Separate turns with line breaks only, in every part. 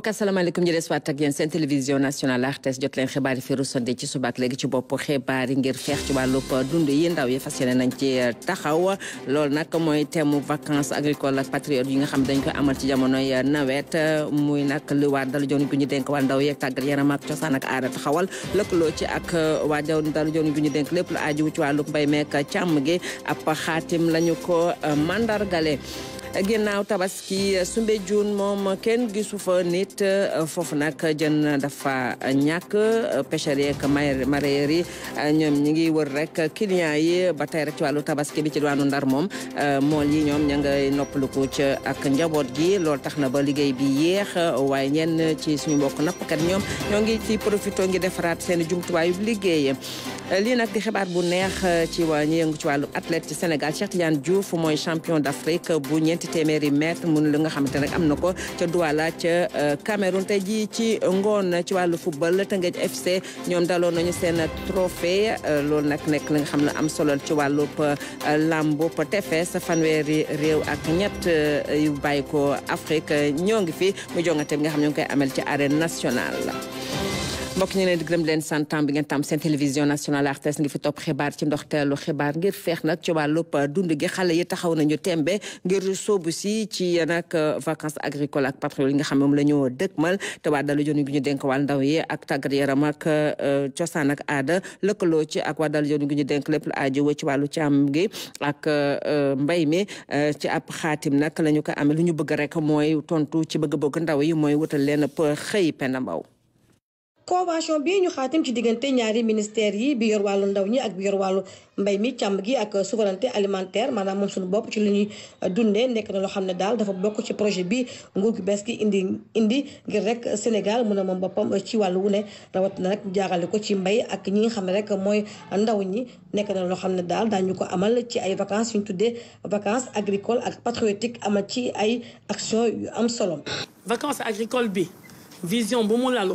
mbokk asalaamaaleykum ñu des waat ak yéen seen télévision nationale RTS jot leen xibaar yi fi rusande ci subaak léegi ci bopp xibaar yi dund yi ndaw yi fas nañ ci eh, taxaw loolu nag mooy teemu vacances agricoles ak patriote yi nga xam dañ ko amal ci jamonoy eh, nawet muy nag lu waa dalu joon gu ñu dénk waa ndaw yeeg tàggat yaram ak cosaan ak aada taxawal lëkkaloo ci ak eh, waa daw dalu joon gu ñu dénk lépp lu aaju ci wàllub mbay meek càmm gi ab xaatim lañu ko mandargale ginnaaw tabaski Soumbédioune moom kenn gisu fa nit foofu nag jën dafa ñàkk pêcheurs yeeg mareyeurs yi ñoom ñi ngi wër rek clients yi ba tey rek ci wàllu tabaski bi ci diwaanu Ndar moom mool yi ñoom ña ngay noppaluku ci ak njaboot gi loolu tax na ba liggéey bi yéex waaye ñenn ci suñu mbokk nappkat ñoom ñoo ngi ci profito ngi defaraat seen jumtuwaayu liggéey lii nag di xibaar bu neex euh, ci waa ñu yëngu ci wàllu athlète ci Sénégal Cheikh Tidiane Diouf mooy champion d'Afrique bu ñeenti téeméeri mètre mun li nga xamante ne am na ko ca Douala ca euh, Cameroun te jii ci ngoon ci wàllu football Teungueth FC ñoom daloon nañu seen trophée euh, loolu nag nekk li nga xam ne am solo ci wàllu wàllub làmbu tefes fanweeri réew ak ñett yu bàyyi ko Afrique ñoo ngi fi mu jongante bi nga xam ne ñu ngi koy ameel ci arène national mbokk ñu leen di gërëm leen santam bi ngeen tam seen télévision nationale RTS ngi fi topp xibaar ci ndoxteelu xibaar ngir feex nag ci wàllub dund gi xale yi taxaw nañu tembe ngir sóobu si ci nag euh, vacances agricole ak patrouille yi nga xam ne moom la ñu dëkkmal te waa dalu joonu gi ñu denk wàll ndaw yi ak tàggat yaram ak euh, cosaan ak aada lëkkaloo ci ak waa dalu joonu gi ñu dénk lépp lu aajo ci wàllu càmm gi ak euh, mbay mi ci ab xaatim nag lañu ñu ko amee lu ñu bëgg rek mooy tontu ci bëgg-bëgg ndaw yi mooy wutal leen xëy penambaw
convention bi ñu xatim ci diggante ñaari ministère yi bi yor walu ndaw ñi ak bi yor walu mbay mi càmm gi ak souveraineté alimentaire manam moom suñu bop ci lu ñuy dundee nekk na lo xamné ne daal dafa bokk ci projet bi nguur gu bees gi indi indi ngir rek Sénégal mëna a bopam ci walu wone ne rawatina rek jaarale ko ci mbay ak ñi nga xam rek moy ndaw ñi nek na lo xamné ne daal daañu ko amal ci ay vacances yu ñu tuddee vacances agricoles ak patriotiques amal ci ay action yu am solo.
vacances agricoles bi vision bu mu lalu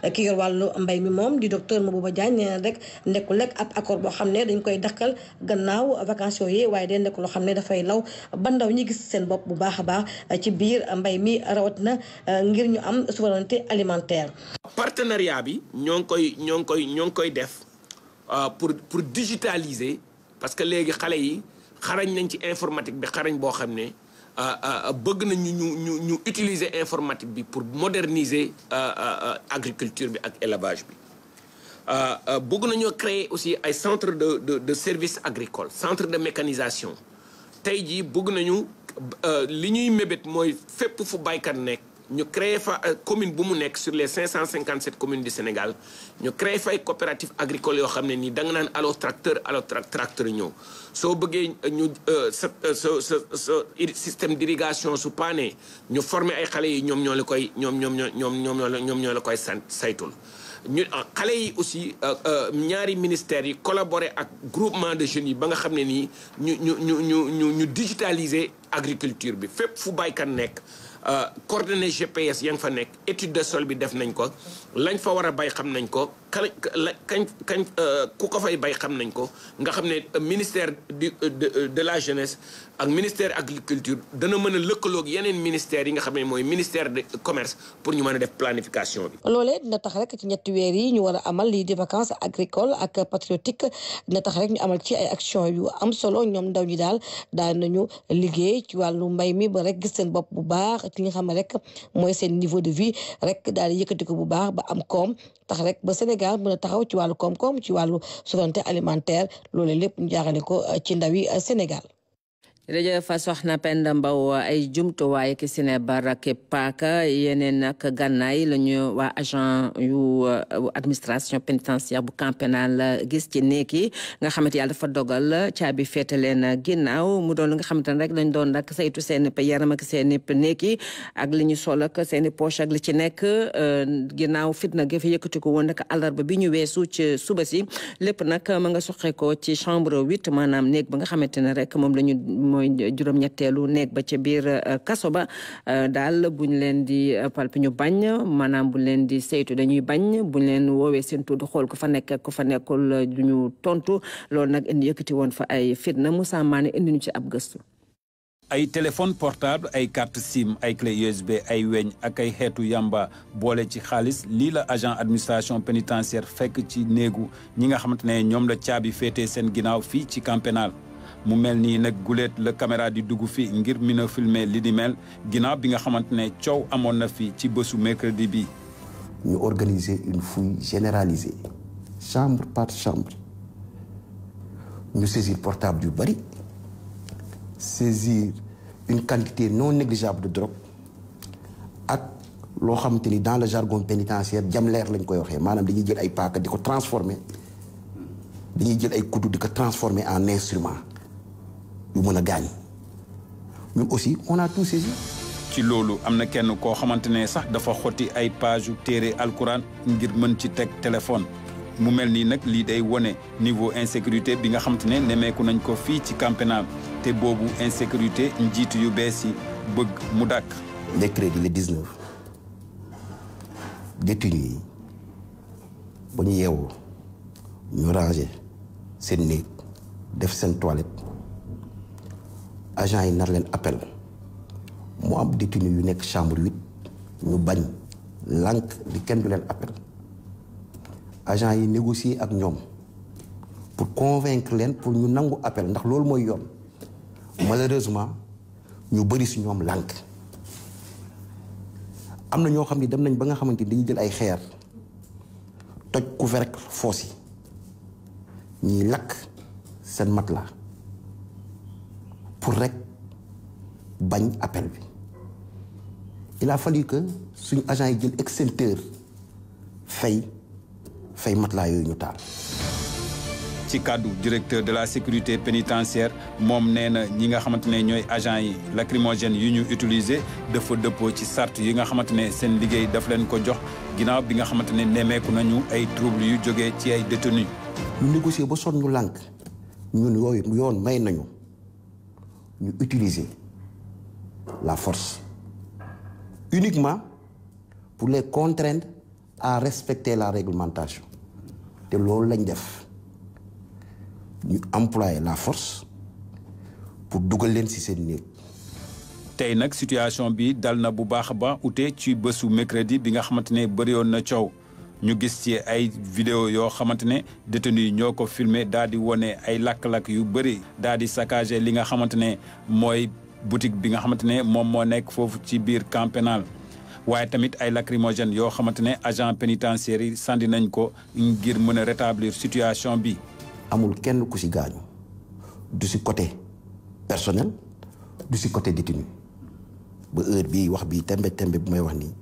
ki yor wàllu mbay mi moom di docteur Mabouba Diagne nee na rek nekkul rek ab accord boo xam ne dañ koy dakkal gannaaw vacances yi waaye de nekk loo xam ne dafay law ba ndaw ñi gis seen bopp bu baax a baax ci biir mbay mi rawat na euh, ngir ñu am souveraineté alimentaire.
partenariat bi ñoo ngi koy ñoo ngi koy ñoo ngi koy def euh, pour pour digitaliser parce que léegi xale yi xarañ nañ ci informatique bi xarañ boo xam ne. Euh, euh, nous avons ñu ñu informatique pour moderniser l'agriculture euh, et l'élevage. Nous bi créé créer aussi un centre de de de service agricole centre de mécanisation Tayji, nous bëgg nañu li ñuy mébét mooy ñu créé fa euh, commune bu mu sur les 557 communes du Sénégal ñu créé fa coopérative coopératives agricoles yoo xam ne nii da nga à allo tracteur allo tracteur ñëw nous. bëggee ñu euh, euh, sa sa système d'irrigation sous paanee ñu former ay xale yi ñoom ñoo la koy ñoom ñoom ñoom ñoom ñoo la koy sant ñu ah, yi aussi ñaari ministères yi collaborer ak groupement de jeunes yi ba nga xam ñu ñu ñu ñu digitaliser agriculture bi fépp fu baykat nekk. Euh, coordonnées GPS ya nga fa nekk étude de sol bi def nañ ko lañ fa wara bay xam nañ ko kañ kañ euh, ku ko fay bay xam nañ ko nga xamné euh, ministère du euh, de la jeunesse ak ministère agriculture dana mëna a lëkkaloog yeneen ministères yi nga xamné moy ministère de commerce pour ñu mëna def planification bi.
lolé dina tax rek ci ñett wër yi ñu wara amal li di vacances agricoles ak patriotique na tax rek ñu amal ci ay action yu am solo ñom ndaw ñi dal da nañu liggéey ci walu mbay mi ba rek gis seen bop bu baax ci li nga xam rek moy seen niveau de vie rek daal yëkëti ko bu baax. am koom tax rek ba Sénégal mën a taxaw ci wàllu koom-koom ci wàllu souveraineté alimentaire loolu lépp ñu jaarale ko euh, ci euh, Sénégal.
da jërëjëf soxna Penda Mbow ay jumtuwaay ki sine ke paaka yeneen nag gànnaay lañu waa agent yu uh, administration pénitentiaire bu camp pénal uh, gis ci néeg yi nga xamante yàlla dafa dogal uh, caabi féete leen ginnaaw mu doon la nga xamante ne rek dañ doon nag saytu seen yaram ak seen néeg yi ak li ñu sol ak seen poche ak li ci nekk ginnaaw fitna gi fa ko woon nag àllarba bi ñu weesu ci suba si lépp nag ma nga soqeekoo ci chambre huit maanaam néeg ba nga xamante ne rek moom la mooy juróom-ñetteelu nekk ba ca biir euh, kaso ba euh, daal buñ leen di euh, palpe bañ maanaam buñ leen di saytu dañuy bañ buñ leen woowee seen tudd xool ko fa nekk ku fa nekkul du ñu tontu loolu nag indi yëkkati woon fa ay fitna Moussa Mané indi ñu ci ab gëstu.
ay téléphone portable ay carte SIM ay clé USB ay weñ ak ay xeetu yamba boole ci xaalis lii la agent administration pénitentiaire fekk ci néegu ñi nga xamante ne ñoom la caabi féetee seen ginnaaw fii ci camp mu melni nak nag le caméra di dugg fii ngir mën filmer li di mel ginaaw bi nga xamantene ciow coow na fi ci mercredi bi
ñu organiser une fouille généralisée chambre par chambre ñu saisir portable du bari saisir une quantité non négligeable de drogue ak lo xamanteni dans le jargon pénitentiaire jam leer lañ koy waxee manam dañuy jël ay pack diko transformer dañuy jël ay kuddu diko transformer en instrument nous avons a Même aussi on a tout saisi.
ci saisi. amna kenn saisi. xamantene sax dafa xoti ay page saisi. ngir ci téléphone mu melni nak tout day niveau insécurité bi nga xamantene ne nañ ko ci te insécurité tout yu bëgg
mu le 19 détenu yi tout ñu ñu ranger sen toilette agent yi appel mu am détenu yu la chambre 8, ñu bañ lànk di kenn du leen appel agent yi négocier ak pour convaincre leen pour ñu nangu appel ndax loolu malheureusement ñu bëri si ñoom lànk Nous na dem nañ ba nga ni dañuy jël ay pour rek bagn appel bi il a fallu que suñu agent yi jël extincteur fay fay matelas yooyu ñu taal. ci kàddu directeur
de la sécurité pénitentiaire moom nee na ñi nga xamante ne ñooy agent yi lacrymogène yu ñu utiliser dafa dëppoo ci sart yi nga xamante ne seen liggéey daf leen ko jox ginaaw bi nga xamante ne nemmeeku nañu ay trouble yu jógee ci ay détenus.
ñu négocier ba sonn lànk ñun yooyu yoon may nañu. Nous utiliser la force uniquement pour les contraindre à respecter la réglementation de que nous def Nous employer la force pour dugal si ci seen néeg tey
situation bi dalna bu baax ba outé ci bésu mercredi bi nga xamante na ñu gis ci ay vidéo yoo xamante ne détenu yi ñoo ko filmé daal di wane ay lakk-lakk yu bëri daal di saccagé li nga xamante ne mooy boutique bi nga xamante ne moom moo nekk foofu ci biir camp pénal waaye tamit ay lacrymogène yoo xamante agent pénitentiaire yi sandi nañ ko ngir mën a rétablir situation bi. amul kenn ku ci gaañu
du ci côté personnel du ci côté détenu ba heure bii wax bii tembe tembe bu may wax nii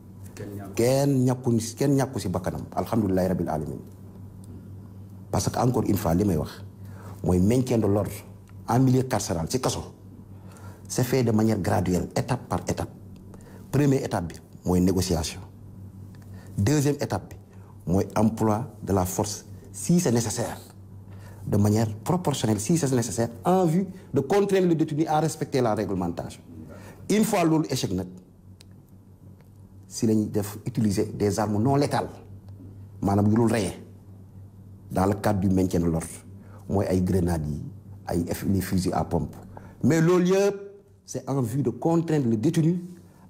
ken ñàkku ken ñakku ci bakanam alhamdulilahi rabil alamin parce que encore une fois limay wax moy maintien de l'ordre en milieu carcéral ci ça? c'est fait de manière graduelle étape par étape première étape bi une négociation deuxième étape bi moy emploi de la force si c'est nécessaire de manière proportionnelle si c'est nécessaire en vue de contraindre le détenu à respecter la réglementation une fois l'échec échec net, si la def utiliser des armes non létales Manam yu dul dans le cadre du maintien de l'ordre mooy ay grenades ay les fusils à pompe mais l'objectif c'est en vue de contraindre le détenu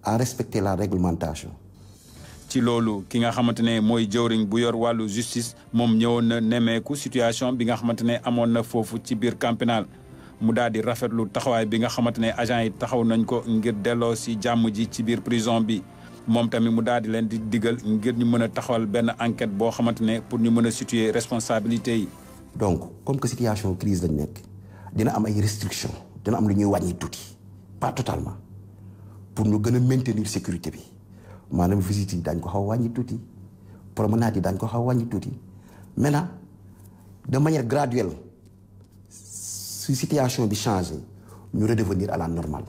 à respecter la réglementation
ci lolu ki nga xamante moy mooy bu yor walu justice mom ñëwoon na nemmeeku situation bi nga xamante ne amoon na foofu ci bir camp mu daal di rafetlu taxaway bi nga xamante agent yi taxaw nañ ko ngir delloo ci jamm ji ci bir prison bi moom tamit mu daal di leen di digal ngir ñu mën a taxawal benn enquête boo xamante ne pour ñu mën a situer responsabilité yi. donc
comme que situation crise lañ nekk dina am ay restrictions dina am lu ñuy wàññi tuuti pas totalement pour ñu gën a maintenir sécurité bi maanaam visite yi daañ ko xaw a wàññi tuuti promenade yi daañ ko xaw a wàññi tuuti maintenant de manière si situation bi changé ñu redevenir à la normale.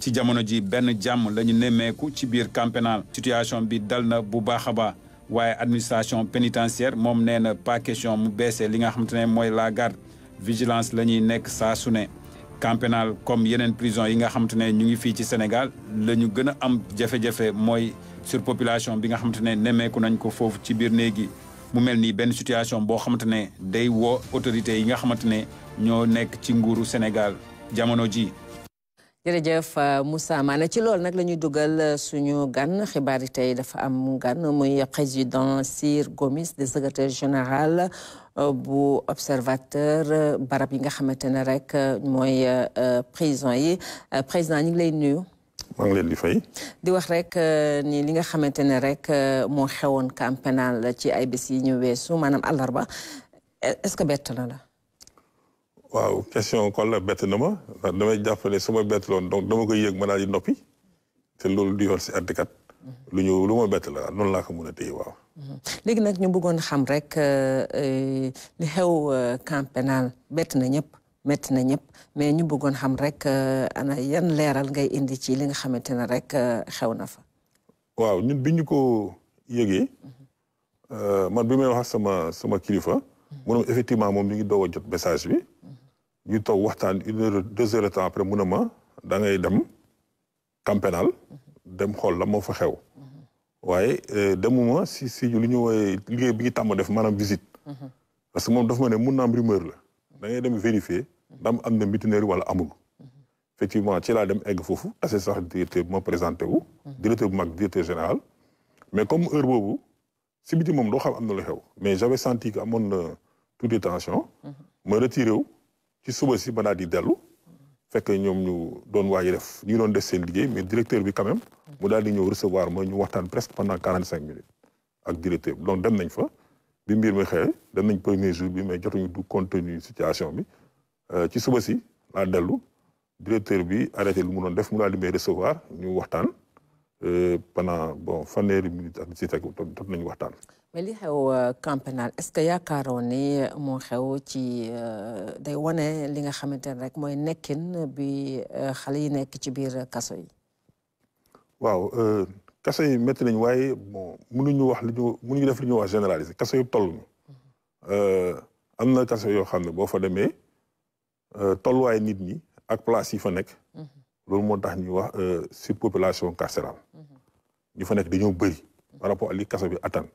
ci jamono
ji le jam la ñu ci situation bi dalna bu administration pénitentiaire moom pas question mu la li nga ne la garde vigilance la nekk saa su ne comme yeneen prison yi nga xamante ne ñu ngi ci Sénégal am jafe-jafe mooy surpopulation bi nga xamante ne nañ ko foofu ci biir mu situation boo xamante ne day woo yi nga ne Sénégal jamono ji
jërëjëf euh, Moussa Mané ci loolu nag la ñuy dugal euh, suñu gan xibaar yi tey dafa am gan mooy président Sir Gomis de secrétaire général euh, bu observateur barab yi nga xamante ne rek mooy prison yi président ñu ngi lay nuyu.
maa
di wax rek ni li nga xamante ne rek moo xewoon camp pénal ci ay bés yi ñu weesu maanaam àllarba est-ce que bett la.
waaw question kon la bett na ma damay jàppale suma su ma bett loon donc dama koy yëg te loolu du yoon si àttekat lu ñu lu ma bett la noonu laa ko mën a téye waaw.
léegi nag ñu bëggoon xam rek euh, euh, li xew euh, camp pénal bett na ñëpp metti na ñëpp mais ñu bëggoon xam rek ana yan leeral ngay indi ci li nga xamante ne rek xew na fa.
waaw ñu bi ñu ko yëgee. man bi may wax sama sama kilifa. mu ne effectivement moom mi ngi doog a message bi. ñu toog waxtaan une heure deux heures de temps après mun da ngay dem camp dem xol la mo fa xew waye euh, demuma si si li ñu wooye liggéey bi ñu tàmm def manam visite parce que mom daf ma né mun na am rumeur la da ngay dem vérifier dam am na mutinerie wala amul effectivement ci la dem egg fofu assez sax directeur bi présenté wu directeur bu mag directeur général mais comme heure boobu si biti mom do xam am na lu xew mais j'avais senti que amone toute tension me retirer ci suba ci bana di que fekk ñu doon def ñu doon mais directeur bi quand même mu recevoir presque pendant 45 minutes donc dem nañ fa bi premier jour bi mais du contenu situation bi euh, ci suba directeur bi arrêté lu mu doon def mu recevoir Euh, pendant bon fanweeri minute ak si teg tot nañu waxtaan.
mais li xew euh, camp pénal est-ce que yaakaaroon ni euh, moo xew ci day wane li nga xamante ne rek mooy nekkin bi xale yi nekk ci biir kaso yi.
waaw kaso yi métti nañu waaye mënuñu wax li ñu mënuñu def li ñuy wax généraliser kaso yi toll am na kaso yoo xam ne boo fa demee tolluwaay nit ñi ak place yi fa nekk. Mhm. loolu moo tax ñuy wax population carcérale. ñu fa nekk dañoo bëri par rapport ak li kaso bi attan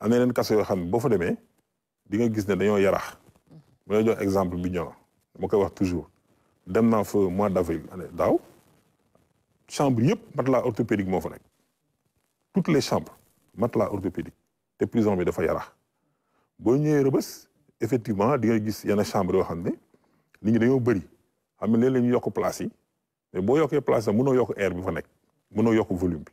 am na yeneen kaso yoo xam ne boo fa demee di nga gis ne dañoo yarax mu lay jox exemple bi ñoo ma koy wax toujours dem naa fa mois d' avril année daaw chambre yëpp matelas orthopédique moo fa nekk toutes les chambres matelas orthopédique te prison bi dafa yarax boo ñëwee rëbës effectivement di nga gis yenn chambre yoo xam ne nit ñi dañoo bëri xam ne léeg-léeg ñu yokk place yi mais boo yokkee place yi mënoo yokk air bi fa nekk mënoo yokk volume bi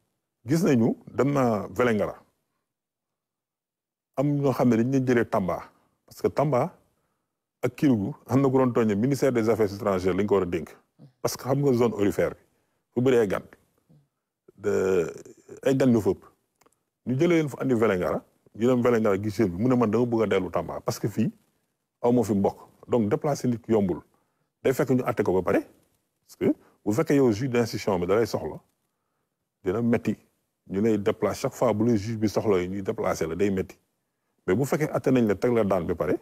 gis nañu dem na Vélingara am ñoo xam ne dañ leen jëlee Tamba parce que Tamba ak Kédougou xam na ku doon tooñe ministère des affaires étrangères lañ ko war a dénk parce que xam nga zone aurifère bi fu bëri ay gan de ay gan ñu fëpp ñu jëlee leen fu andi Vélingara ñu dem Vélingara gis bi mun ne man dama bëgg a dellu Tamba parce que fii aw moo fi mbokk donc déplacer nit yombul day fekk ñu atte ko ba pare parce que bu fekkee yow juge d'instruction bi da lay soxla dina metti ñu lay déplacer chaque fois bu le juge bi soxla yi ñuy déplacer la day métti mais bu fekkee atte nañ la teg la daan ba pare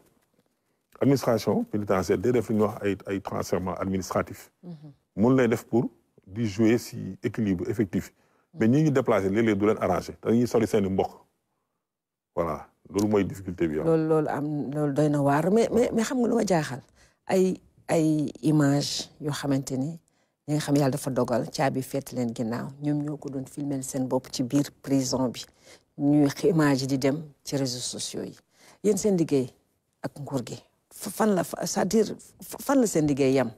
administration pénitentiaire day def li ñuy wax ay ay transfèrement administratif mhm. mun lay def pour di jouer si équilibre effectif mais ñi ngi déplacer léeg-léeg du leen arrangé te ñuy sori seen i mbokk voilà loolu mooy difficulté bi ah.
loolu loolu am loolu doy na waar mais mais mais xam nga lu ma jaaxal ay ay image yoo xamante ni ñi nga xam yàlla dafa dogal caabi feet leen ginnaaw ñoom ñoo doon filmel seen bopp ci biir prison bi ñuy image di dem ci réseaux sociaux yi yéen seen liggéey ak nguur gi fan la cest dire fan la seen liggéey yam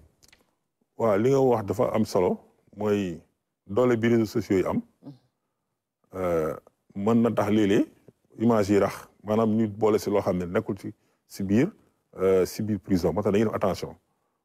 waaw li nga wax dafa am solo mooy doole bi réseaux sociaux yi am mën na tax leeg image yi rax maanaam ñu boole si loo xam ne nekkul ci si biir si biir prison moo tax attention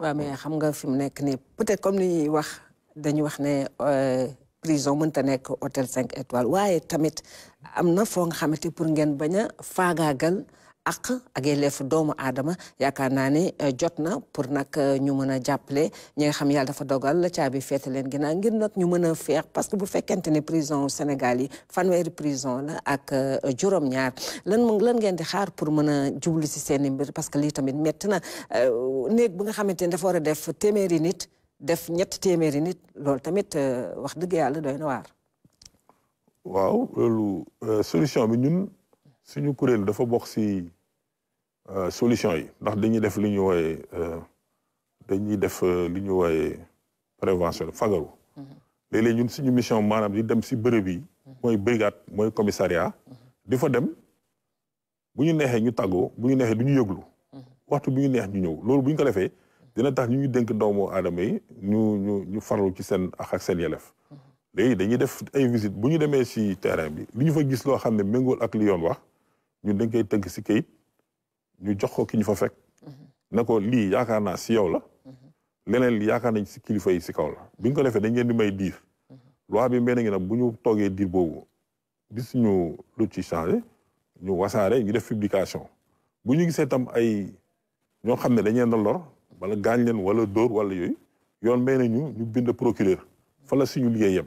waaw mais xam nga fi mu nekk nii peut-être comme ni ñuy wax dañu wax ne euh, prison mënta nekk hôtel cinq étoiles waaye tamit am na foo nga xamante pour ngeen bañ a faagaagal àq ak yelleefu doomu aadama yaakaar naa ni euh, jot na pour nag euh, ñu mën a jàppale ñi nga xam yàlla dafa dogal caabi feete leen ginnaaw ngir nag ñu mën a feex parce que bu fekkente ne prison Sénégal yi fanweeri prison la ak euh, juróom-ñaar lan lan ngeen di xaar pour mën a jublu si seen mbir parce que lii tamit métti na néeg bi nga xamante ne dafa war a def téeméeri nit def ñett téeméeri nit loolu tamit wax dëgg yàlla doy na waar.
waaw loolu solution bi ñun. suñu kuréel dafa bokk si euh, solution yi ndax dañuy def li ñu wooye euh, dañuy def euh, li ñu wooye prévention fagaru mm-hmm. léeg-léeg ñun suñu mission maanaam di dem si bërëb yi mm-hmm. mooy brigade mooy commissariat mm-hmm. di fa dem bu ñu neexee ñu tàggoo bu ñu neexee du ñu yëglu waxtu bu ñu neex ñu ñëw loolu bu ñu ko defee dina tax ñu ñu dénk doomu aadama yi ñu ñu ñu farlu ci seen ak ak seen yelef léegi dañuy def ay visite bu ñu demee si terrain bi li ñu fa gis loo xam ne méngool ak li yoon wax ñu dañ koy tëgg si kayit ñu jox ko ki ñu fa fekk. Mhm. ne ko lii yaakaar naa si yow la. Mhm. leneen li yaakaar nañ si kilifa yi si kaw la bi ñu ko defee dañ di may diir. Mhm. loi bi mel ni nag bu ñu toogee diir boobu gis ñu lu ci changé ñu wasaare ñu def publication bu ñu gisee tam ay ñoo xam ne dañ leen a lor wala gaañ leen wala dóor wala yooyu yoon may na ñu ñu bind procureur fa la suñu liggéey yem.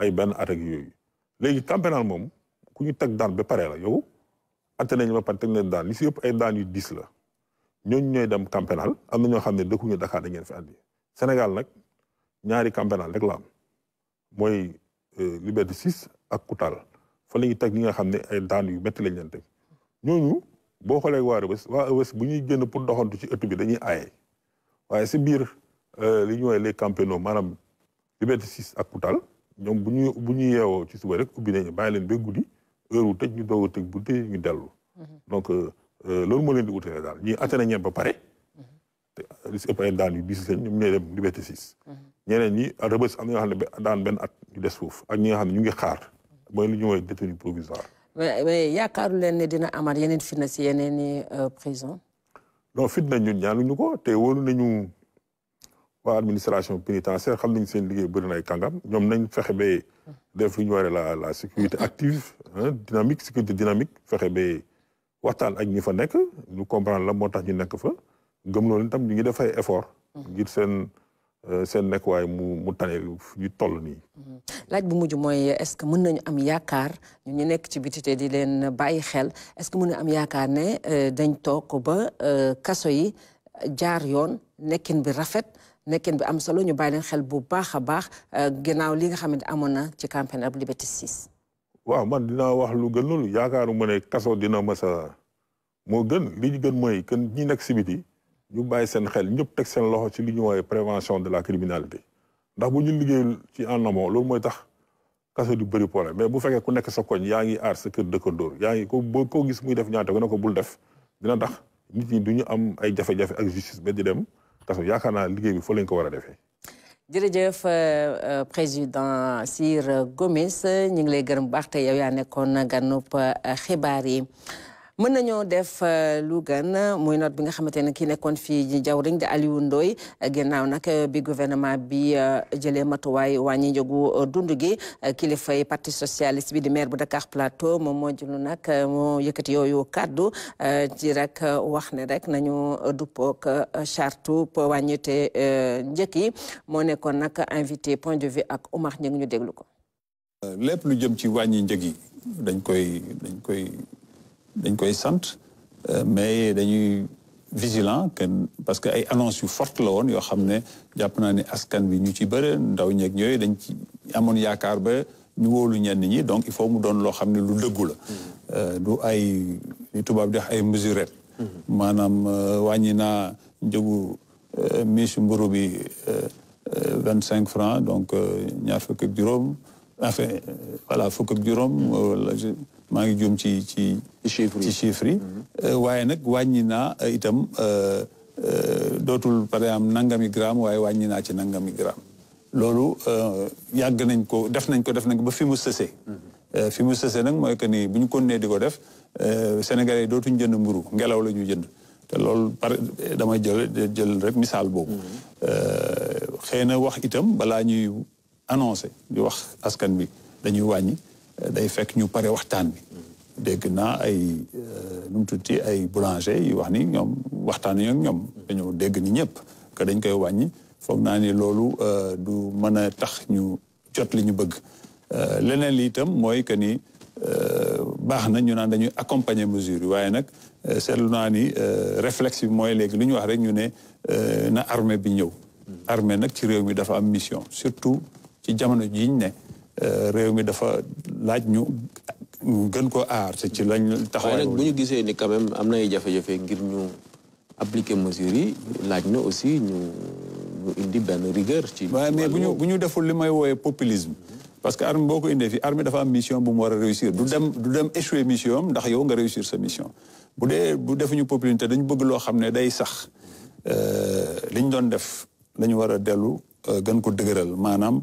ay benn at ak yooyu léegi camp pénal moom ku ñu teg daan ba pare la yow atte nañu ba pare teg nañ daan li si yëpp ay daan yu diis la ñooñu ñooy dem camp am na ñoo xam ne dëkkuñu Dakar da ngeen fi andi Sénégal nag ñaari camp pénal rek la mooy euh, Liberté 6 ak Koutal fa la ñuy teg ñi nga xam ne ay daan yu métti lañ leen teg ñooñu boo xoolee waa Rebeuss waa Rebeuss bu ñuy génn pour doxantu ci ëtt bi dañuy aaye waaye si biir euh, li ñu woowee les camp pénaux maanaam Liberté ak Koutal ñoom bu ñu bu ñu yeewoo ci suba rek ubbi nañu bàyyi leen ba guddi heure wu ñu doog a tëj bu ñu dellu. Mhm. donc euh, euh, loolu moo leen di utale daal ñii atte nañ ñeent ba pare. Mhm. te li si ëpp ay daan yu bis lañ ñoom ñooy mhm. ñeneen ñi rëbës am na ñoo xam benn at ñu des foofu ak ñi nga xam ñu ngi xaar mooy li ñu woowee détenu provisoire.
mais yaakaaru leen ne dina amaat yeneen fitna si yeneen i euh, prison.
non fitna ñu ñaanuñu ko te wóolu nañu. waa administration pénitentiaire xam nañ seen liggéey bëri na ay kàngam ñoom nañ fexe ba def lu ñu waree la la sécurité active dynamique sécurité dynamique fexe be waxtaan ak ñi fa nekk ñu comprendre la moo tax ñu nekk fa gëm loolu itam ñu ngi def ay effort ngir seen euh, seen nekk mu mu tane ñu toll nii. Mm-hmm.
laaj bu mujj mooy est-ce que mën nañu am yakaar ñu nekk ci biti te di leen bàyyi xel est-ce que mën na am yaakaar ne euh, dañ toog ba euh, kaso yi jaar yoon nekkin bi rafet. nekkin bi am solo ñu bàyyi leen xel bu baax a baax euh, ginnaaw li nga xam amoon na ci campagne ab Liberté 6.
waaw man dina wax lu gën loolu yaakaaru ma ne kaso dina mas a moo gën li ñu gën mooy que ñi nekk si ñu bàyyi seen xel ñëpp teg seen loxo ci li ñu woowee prévention de la criminalité ndax bu ñu liggéeyul ci en amont loolu mooy tax kaso du bëri problème mais bu fekkee ku nekk sa koñ yaa ngi aar sa kër dëkkandoo yaa ngi ko boo koo gis muy def ñaata ko ko bul def dina tax nit ñi du ñu am ay jafe-jafe ak justice ba di dem. parce que yaakaar liggéey bi foo lañ ko war a defee.
jërëjëf euh, euh, président Sir Gomis ñu ngi lay gërëm bu baax te yow yaa nekkoon ganub euh, xibaar yi. mën nañoo def euh, lu gën muy note bi nga xamante ne kii nekkoon fii jawriñ di Aliou Ndoye ginnaaw nag euh, bi gouvernement bi euh, jëlee matuwaay wàññi njëgu dund gi kilifay parti socialiste bi di maire bu Dakar Plateau moom moo jëlu nag moo yëkkati yooyu kaddu ci rek wax ne rek nañu duppook charte wàññite njëkk yi moo nekkoon nag invité point de vue ak Oumar Ñëng ñu déglu ko
lépp lu jëm ci wàññi njëg yi dañ koy dañ koy dañ koy sant euh, mais dañuy vigilant que parce que ay annonce yu forte la woon yoo xam ne jàpp naa ne askan bi ñu ci bëre ndaw ñeeg ñooyu dañ ci amoon yaakaar ba ñu wóolu ñenn ñi donc il faut mu doon loo xam ne lu dëggu la euh, du ay li tubaab di wax ay mesurette mm-hmm. maanaam euh, wàññi naa njëgu miche mburu bi vingt cinq francs donc ñaar fukk ak juróom enfin euh, voilà fukk ak juróom maa ngi juum ci ci. ci chiffres mhm. euh, waaye nag wàññi naa euh, itam dootul par exemple nangami gramme waaye wàññi naa ci nangami gramme. loolu yàgg nañ ko def nañ ko def nañ ko ba fi mu sësee. Mhm. fi mu sësee nag mooy que ni bu ñu nee di ko def Sénégalais yi dootuñ jënd mburu ngelaw la ñuy jënd. te loolu par dama jël jël rek misaal boobu. Mhm. xëy na wax itam balaa ñuy. annoncé di wax askan bi dañuy wàññi euh, day fekk ñu pare waxtaan bi dégg naa ay euh, nu tutti ay boulanger yu wax ni ñoom waxtaan ñoom ñoom dañoo dégg ni ñëpp que dañ koy wàññi foog naa ni loolu euh, du mën a tax ñu jot li ñu bëgg leneen li itam mooy que ni baax na ñu naan dañuy accompagner mesure yi waaye nag seetlu naa ni réflexe bi mooy léegi lu ñu wax rek ñu ne na armée bi ñëw armée nag ci réew mi dafa am mission surtout ci jamono jii ñu ne euh, réew mi dafa laaj ñu gën ko aar te ci lañ taxawaay rek bu ñu gisee ni quand am na ay jafe-jafe ngir ñu appliquer mesures yi laaj na aussi ñu ñu indi benn rigueur ci waaye mais bu ñu bu ñu deful li may wooyee populisme parce que armée boo ko indee fii armée dafa am bu mu war a réussir du dem du dem échouer ndax yow nga réussir sa bu dee bu defuñu populisme te dañu bëgg loo xam ne day sax euh, li ñu doon def la ñu war a dellu euh, gën ko dëgëral maanaam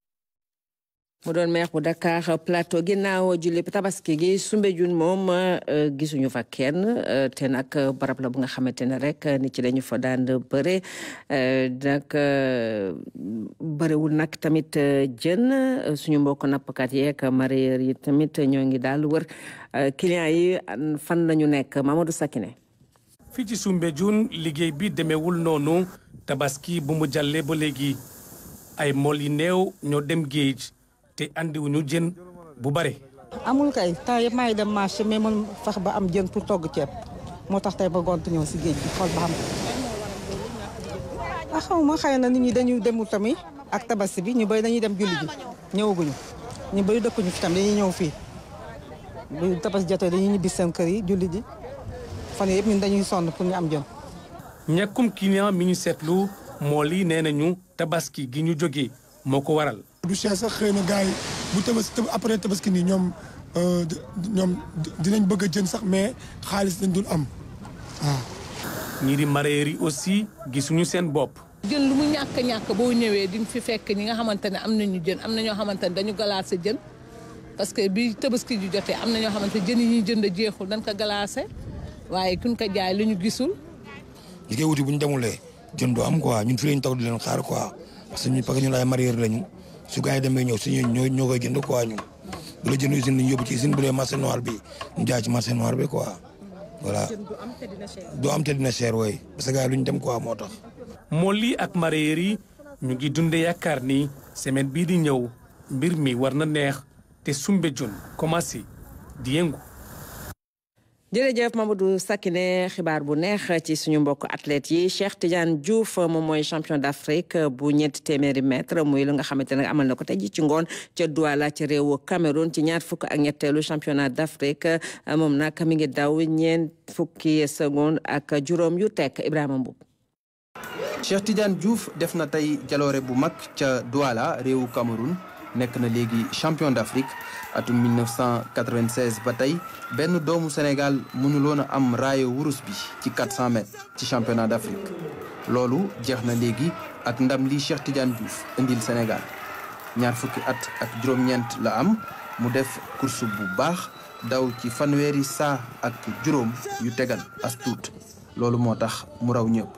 mu doon maire bu Dakar Plateau ginnaaw julli tabaski gi Soumbédioune moom euh, gisuñu fa kenn euh, te nag euh, barab la bu nga xamante ne rek nit ci dañu fa daan bëre nag bëriwul nag tamit jën suñu mbokk nappkat yeeg mareyeur yi tamit ñoo ngi daal wër client yi fan la ñu nekk Mamadou Sakine. fii
ci Soumbédioune liggéey bi demeewul noonu tabaski bu mu jàllee ba léegi ay mool yi néew ñoo dem géej. te wuñu jën bu bari
amul kay ta yëpp maa dem marché mais mon fex ba am jën pour togg ceeb motax tay bëggon tu ñëw si géej gi ba am ah, xaw ma xayna nit ñi dañu demul tammi ak tabassi bi ñu bay dañuy dem julli ji ñëwaguñu ñu bay dekk ñu tam dañuy ñëw fi bu tabaski jotté dañuy ñibi seen kër yi julli ji fan yëpp ñun dañuy sonn pour ñu am jën.
ñekum client mi ñu mo li nenañu tabaski gi ñu joggé moko waral du cher sax xëy na gars yi bu tabaski après tabaski nii ñoom
euh, ñoom
dinañ bëgg a sax mais xaalis dañ dul am waaw. ñii di mareyeur yi aussi gisuñu seen bopp.
jën lu mu ñàkk ñàkk boo ñëwee di fi fekk ñi nga xamante ne am nañu jën am na ñoo xamante ne dañu galaase jën parce que bi tabaski ju jotee am na ñoo xamante yi ñuy jeexul dañ ko galaase waaye kuñ ko jaay lu gisul.
li koy wuti bu do am quoi ñun fi lañ taw di leen xaar quoi parce que ñun parce que ñun lañu. su gars yi demee ñëw si ñoo ñëw koy jënd quoi ñun bu la jënd usine ñu yóbbu ci usine bu dee marché noir bi ñu jaay ci marché noir bi quoi voilà.
doo am
te dina cher wooy parce que gars lu ñu dem quoi moo tax.
Molly ak mareyeur yi ñu ngi dundee yaakaar ni semaine bii di ñëw mbir mi war na neex te Soumbédioune commencé
di yëngu. jërëjëf Mamadou Sakine xibaar bu neex ci suñu mbokk athlètes yi Cheikh Tidiane Diouf moom mooy champion d'Afrique bu ñetti téeméeri mètre muy lu nga xamante ne amal na ko tey ji ci ngoon ca Douala ca réewu Cameroun ci ñaar fukk ak ñetteelu championnat d'Afrique moom nag mi ngi daw ñeent fukki seconde ak juróom yu tekk Ibrahima Mboub.
Cheikh Tidiane Diouf def na tey jaloore bu mag ca Douala réewu Cameroun. nekk na léegi champion d'Afrique atum 1996 ba tey benn doomu Sénégal mënuloon a am raayo wurus bi ci 400 mètres ci championnat d'Afrique loolu jeex na léegi ak ndam li Cheikh Tidiane Diouf indil Sénégal ñaar fukki at ak juróom la am mu def course bu baax daw ci fanweeri saa ak juróom yu tegal as loolu moo tax mu raw ñëpp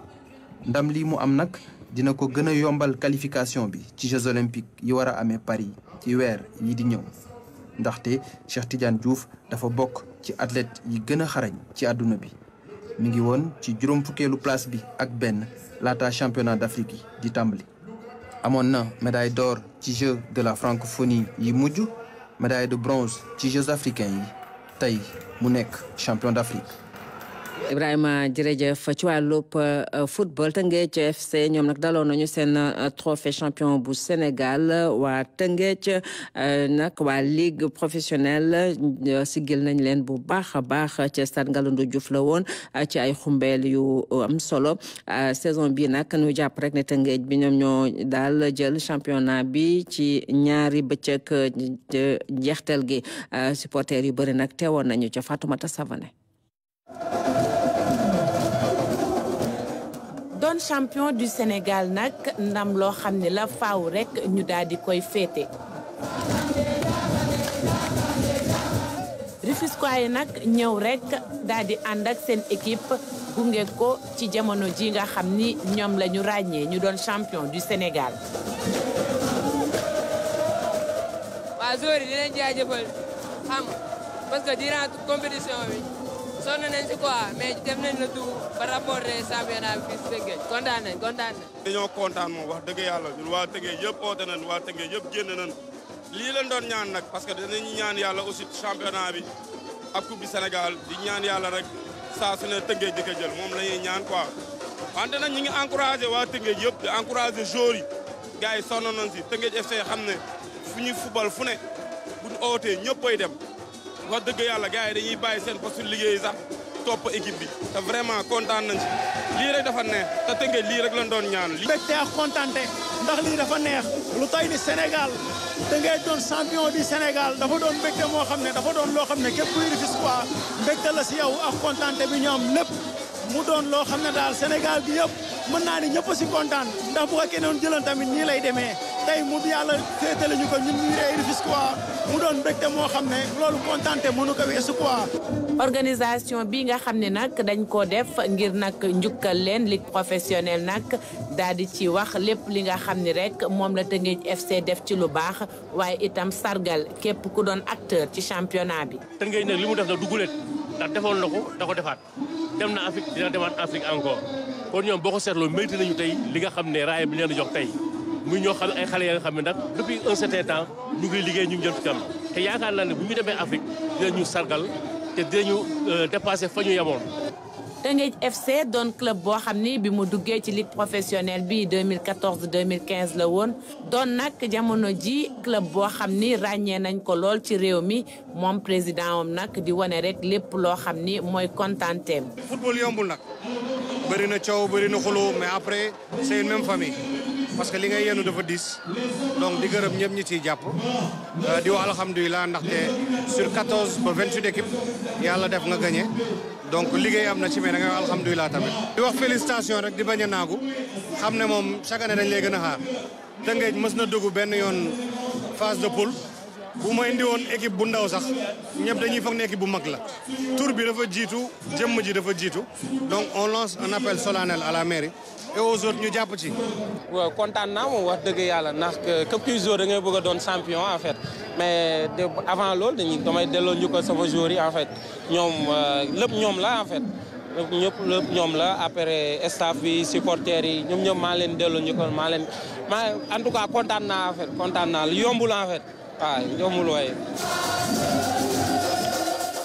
ndam lii mu am nag dina ko gën yombal qualification bi ci Jeux olympiques yi wara amé Paris ci weer yi di ñëw ndaxte Cheikh Tidiane Diouf dafa bok ci athlète yi gëna xarañ ci aduna bi mi ngi won ci juroom place bi ak championnat d'Afrique di tambali amon na médaille d'or ci Jeux de la francophonie yi muju médaille de bronze ci Jeux africains yi mu nekk champion d'Afrique.
Ibrahima jërëjëf ci wàllub euh, football Tëngéej FC ñoom nag daloon nañu seen euh, trophée champion bu Sénégal waa Tëngéej euh, nag waa ligue professionnelle siggil nañ leen bu baax a baax ci stade Ngalandou Diouf la woon ci ay xumbeel yu am solo saison bi nag ñu jàpp rek ne Tëngéej bi ñoom ñoo daal jël championnat bi ci ñaari bëccëg jeextel gi supporters yu bëri nag teewoon nañu ca Fatoumata Savané
doon champion du Sénégal nak ndam lo xamni la faaw rek ñu daal di koy féete. Rufisquois nak ñew rek daal di and ak seen équipe gunge ko ci jamono ji nga xamni ñom lañu la ñu ràññee doon champion du Sénégal. waa Zori dinañ jaajëfal xam parce que durant compétition bi. sonn nañ si quoi mais def nañ la tout ba rapporté championnat bi fii si Tëngéej kontaan nañ kontaan nañ.
dañoo kontaan moom wax dëgg yàlla ñun waa Tëngéej yëpp oote waa Tëngéej yëpp génn nañ lii lañ doon ñaan nag parce que dinañu ñaan yàlla aussi championnat bi ak coupe du Sénégal di ñaan yàlla rek saa su ne Tëngéej moom la ñuy ñaan quoi. wante nag ñu ngi encouragé waa Tëngéej yëpp di encouragé joueurs yi gars yi sonn nañ si Tëngéej FC xam ne fu ñuy fubal fu ne bu ootee ñëpp dem. wax dëgg yàlla gars yi dañuy bàyyi seen poste liggéey sax topp équipe bi te vraiment kontaan nañ ci lii rek dafa neex te Tëngéej lii rek lañ doon ñaan.
mbégte ak kontaante ndax lii dafa neex lu tay ni Sénégal Tëngéej doon champion du Sénégal dafa doon mbégte moo xam ne dafa doon loo xam ne képp kuy Rufisque quoi mbégte la si yow ak kontaante bi ñoom am lépp mu doon loo xam ne daal Sénégal di yëpp mën naa ni ñëpp si kontaan ndax bu ko keneen jëloon tamit ñii lay demee. tey mu yàlla féetale ñu ko ñun ñu réy Rufisque mu doon mbégte moo xam ne loolu kontante mënu ko weesu quoi.
organisation bi nga xam ne nag dañ koo def ngir nag njukkal leen ligue professionnelle nag daal di ci wax lépp li nga xam ne rek moom la Tëngéej FC def ci lu baax waaye itam sargal képp ku doon acteur ci championnat bi.
Tëngéej nag li mu def na duguleet ndax defoon na ko da ko defaat dem na Afrique dina demaat Afrique encore kon ñoom boo ko seetloo mérité nañu tey xam ne raaya bi leen jox muy ñoo xam ay xale ya nga xam ne nag depuis un certain temps ñu ngi liggéey ñu ngi jëm ci kanam te yaakaar naa ne bu ñu demee Afrique dinañu sargal te dinañu euh, dépassé fa ñu yemoon.
Teungueth FC doon club boo xam ni bi mu duggee ci ligue professionnelle bi 2014 2015 la woon doon nag jamono ji club boo xam ni ràññee nañ ko lool ci réew mi moom président am nag di wane rek lépp loo xam ni mooy kontaanteem. football yombul nag
bëri na coow bëri na xuloo mais après c'est une parce que li ngay yenu dafa dis donc di gërëm ñëpp ñi ci japp euh, di wax alhamdullilah ndax té sur 14 ba 28 équipe yalla def nga gagner donc liggéey amna ci mais da nga wax alhamdulilah tamit. di wax félicitations rek di baña nagu xamné mom chaque année dañ lay gëna xaar da ngay
mësna dugg ben yoon phase de poule bu ma indi won équipe bu ndaw sax ñëpp dañuy fakk ne bu mag la tour bi dafa jitu jëm ji dafa jitu donc on lance un appel solennel à la mairie. et aux autres ñu jàpp ci. waaw kontaan naa moom wax dëgg yàlla ndax que kuy jour da ngay bëgg a doon champion en fait mais avant loolu dañuy damay delloo ñu ko sama jour yi en fait ñoom euh, lépp ñoom la en fait. ñëpp lépp ñoom la après staff bi supporters yi ñoom ñëpp maa leen delloo ñu ko maa leen maa en tout cas kontaan naa en fait kontaan
naa yombul en
fait waaw yombul waaye.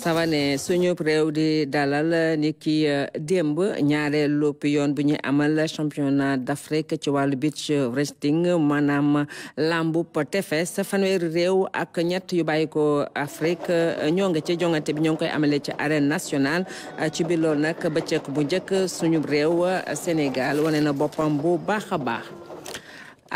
Savané suñu réew di dalal ni ki euh, démb ñaareelu yoon bu ñu amal championnat d'Afrique ci wàllu beach wrestling maanaam lambu tefes sa fanweeri réew ak ñett yu bàyyi ko Afrique euh, ñoo ngi ci jongante bi ñoo ngi koy amalee ci arène nationale euh, ci biir loolu nag bëccëg bu njëkk suñu réew Sénégal wane na boppam bu baax a baax.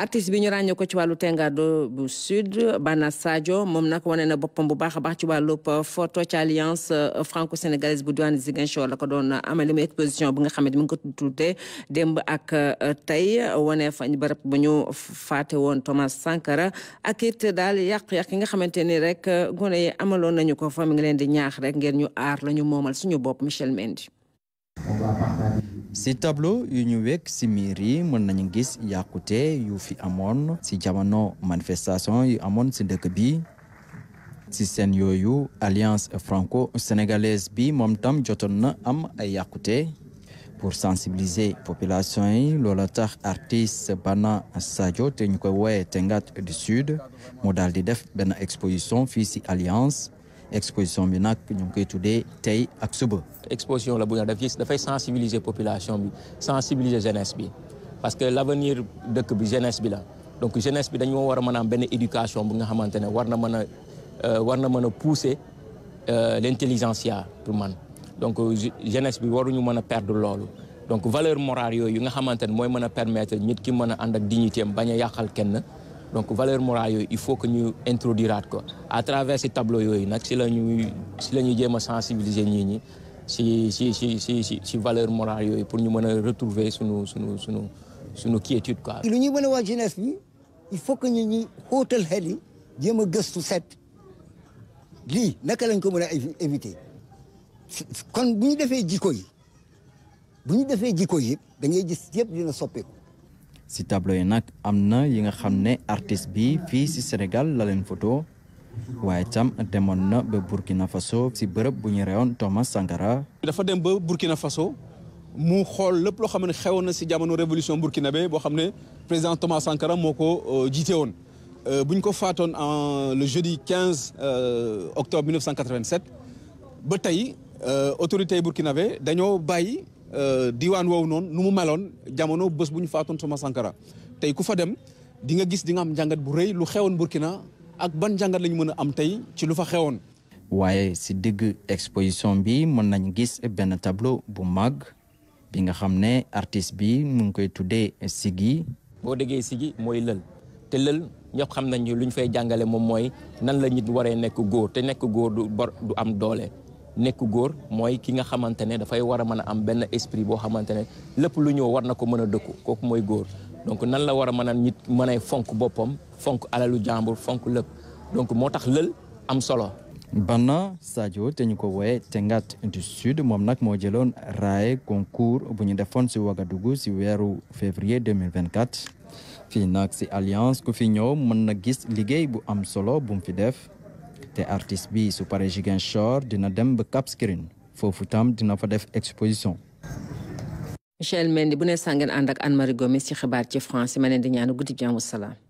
artiste bi ñu ràññee ko ci wàllu tengado bu sud Bana Sadio moom nag wane na boppam bu baax a baax ci wàllu photo ci alliance euh, franco-sénégalaise bu diwaan Ziguinchor la ko doon amee li muy exposition bi nga xam ne mu ngi ko tuddee démb ak euh, tey wane fa bërëb bu ñu faate woon Thomas Sankara ak it daal yàq-yàq yi nga xamante ni rek euh, gone yi amaloon nañu ko fa mi ngi leen di ñaax rek ngeen ñu aar la ñu moomal suñu bopp Michel Mendy
si tableau yu ñu wekk mën nañu gis yàqute yu fi amoon si jamono manifestation yu amoon si dëkk bi si seen yooyu alliance franco sénégalaise bi moom tam jotoon na am ay yàqute pour sensibiliser population yi loola tax artiste Bana Sadio te ñu koy wooye Tengat du Sud mu daal di def benn exposition fii si alliance exposition bi nak ñu ngi koy tuddee tey ak suba. exposition la bu ñu def dafay sensibiliser population
bi sensibiliser jeunesse bi parce que l'avenir dëkk bi jeunesse bi la donc jeunesse bi dañu wara mëna mën am éducation bu nga xamantene ne mëna euh, mën mëna pousser euh, intelligentsia pour man donc jeunesse bi waru ñu mëna perdre lolu donc valeur morale yoyu nga xamantene moy mëna permettre nit ki mëna and ak dignité am bañ a kenn donc valeur morale yooyu il faut que ñu introduiraat ko à travers si tableau yooyu nag si la ñuy si la ñuy jéem a sensibiliser nit ñi si si si si si si valeur morale yooyu pour ñu mën a retrouver suñu suñu suñu suñu quiétude quoi. lu
ñuy mën a wax jeunesse il faut que ñu ñu xóotal xel yi jéem a gëstu set lii naka lañ ko mën éviter kon bu ñu defee jikko yi bu ñu defee jikko yi da ngay gis yëpp dina soppeeku.
si tableau yi nag am na yi nga xam ne artiste bi fii si Sénégal la leen photo waaye tam demoon na ba Burkina Faso si bërëb bu ñu rewoon Thomas Sankara.
dafa dem ba Burkina faço mu xool lépp loo xam ne xewoon na si jamono révolution burkinabé boo xam ne président Thomas Sankara moo ko euh, jiite woon. Euh, bu ñu ko faatoon en le jeudi 15 euh, octobre 1987 ba tey autorités burkinabé dañoo bàyyi. Euh, diwaan woowu noonu nu mu meloon jamono bës bu ñu faatoon Thomas Sankara tey ku fa dem di nga gis di nga am njàngat bu rëy lu xewoon Burkina ak ban njàngat lañu mën a am tey ci lu fa xewoon.
waaye si digg exposition bi mën nañ gis benn tableau bu mag bi nga xam ne artiste bi mu ngi koy tuddee Sigi.
boo déggee Sigi mooy lël te lël ñëpp xam nañ ni lu ñu fay jàngale moom mooy nan la nit waree nekk góor te nekk góor du du am doole. nekk góor mooy ki nga xamante ne dafay war a mën a am benn esprit boo xamante ne lépp lu ñëw war na ko mën a dëkku kooku mooy góor donc nan la war a mën a nit mën fonk boppam fonk alalu jàmbur fonk lépp donc moo tax lël am solo.
Bana Sadio te ñu ko wooye Tengat du Sud moom nag moo jëloon raaye concours bu ñu defoon si Ouagadougou si weeru février 2024 fii nag si alliance ku fi ñëw mën na gis liggéey bu am solo bu mu fi def. te artiste bi su paree Ziguinchor dina dem ba Cap Skirring foofu tam dina fa def exposition.
Michel Mendy bu ne sàngeen ànd ak Anne Marie Gomes ci xibaar ci France ma leen di ñaanu guddi jàmm salaam.